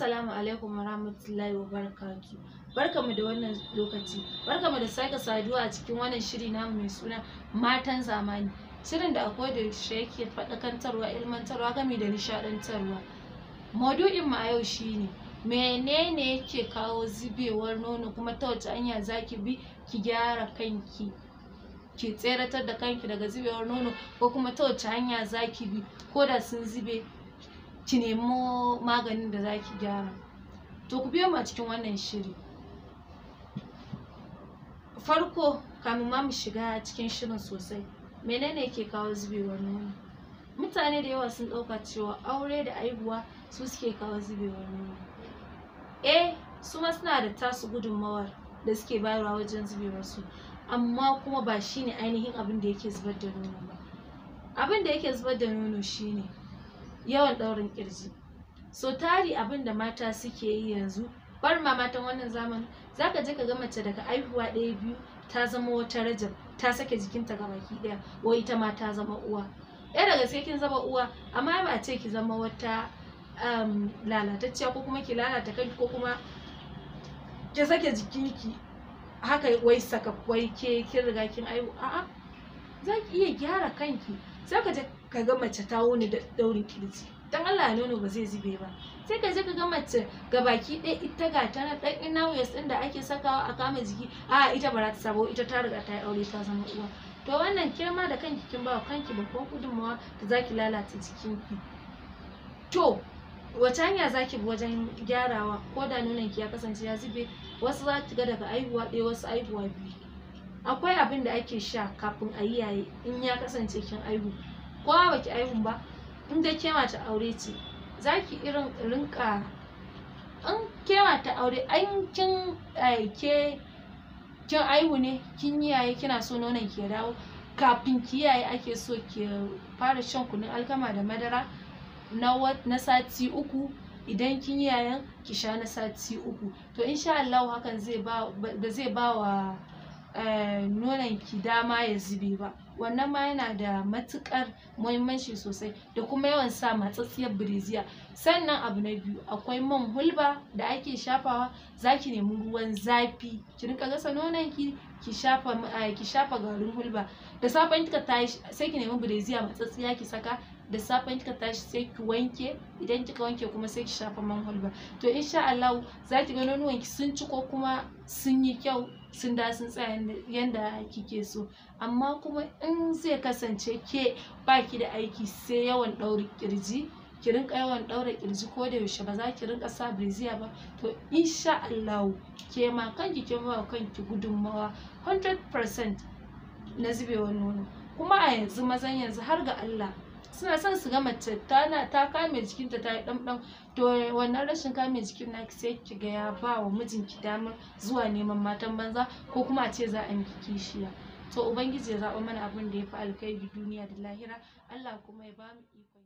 Assalamu alaikum warahmatullahi wabarakatuh. Barkamu da wannan lokaci. Barkamu da sake saduwa a cikin wannan shiri namu mai suna Matan zamani. Shirin da akwai da shi yake faɗakantarwa, ilmantarwa, gami da nishaɗantarwa. Maudu'in mu a yau shine menene yake kawo zubewar nono kuma ta wace hanya zaki bi ki gyara kanki? ki tseratar da kanki daga zubewar nono ko kuma ta wace hanya zaki bi ko da sun zube ki nemo maganin da za ki gyara to ku biyo mu a cikin wannan shiri farko kamin ma mu shiga cikin shirin sosai menene ke kawo zubewar nono mutane da yawa sun ɗauka cewa aure da aihuwa su suke kawo zubewar nono E su ma suna da tasu gudunmawar da suke bayarwa wajen zubewar su amma kuma ba shine ainihin abin da yake zubar da nono ba abin da yake zubar da nono shine yawan ɗaurin kirji so tari abin da mata suke yi yanzu bar ma matan wannan zamanin zaka je ka ga mace daga aihuwa ɗaya biyu ta zama wata rajab ta sake jikinta ga baki ɗaya wai ita ma ta zama uwa ɗaya daga sai kin zama uwa amma ba ce ki zama wata um, lalatacciya ko kuma ki lalata kanki ko kuma ki sake jikinki haka wai saka wai ke kin riga kin aihu a'a za ki iya gyara kanki sai ka je ka ga mace ta wuni da daurin kirji dan Allah nono ba zai zube ba sai ka je ka ga mace ga baki ɗaya ita ga ta na dan ina din da ake sakawa a kama jiki a ita ba ta sabo ita ta riga ta yi aure ta zama uwa to wannan kirma da kanki kin ba kanki ko gudunmawa da zaki lalata jikinki to wata hanya za ki bi wajen gyarawa ko da nonon ya kasance ya zube wasu za ki ga daga aihuwa ɗaya wasu aihuwa biyu akwai abin da ake sha kafin a yi yaye in ya kasance kin aihu ko ba ki aihu ba in dai ke mata aure ce za ki irin rinka in ke mata aure an kin eh, ke kin aihu ne kin yi yaye kina so nonon ki dawo kafin ki yaye ake so ki fara shan kunun alkama da madara na sati uku idan kin yi yayan ki sha na sati uku to insha Allah hakan zai ba zai ba wa Eh, ki dama ya zube ba wannan ma yana da matukar muhimmanci sosai da kuma yawan sa matsatsiyar bireziya sannan abu na biyu akwai man hulba da ake shafawa zaki nemi ruwan zafi ki rinka gasa nonon ki shafa eh, ki shafa garin hulba da safan kika tashi sai ki nemi bireziya matsatsiya ki saka da safen kika tashi sai ki wanke idan kika wanke kuma sai ki shafa man hulba to insha Allah za ki ga nonuwanki sun ci ko kuma sun yi kyau sun da sun tsaya yanda kike so amma kuma in zai kasance ke ki da aiki sai yawan ɗaure kirji ki rinka yawan ɗaura kirji ko da yaushe ba za ki rinka sa breziya ba to insha Allah ke ma kanki ke ba kanki gudunmawa 100% na zubewar nono kuma a yanzu mazan yanzu har ga Allah suna son su ga mace tana ta kame jikinta ta yi ɗanɗan to wannan rashin kame jikin naki sai ki ga ya ba wa mijinki damar zuwa neman matan banza ko kuma a ce za a miki kishiya to ubangiji ya zaɓa mana abin da ya fi alkhairi duniya da lahira Allah kuma ya ba mu iko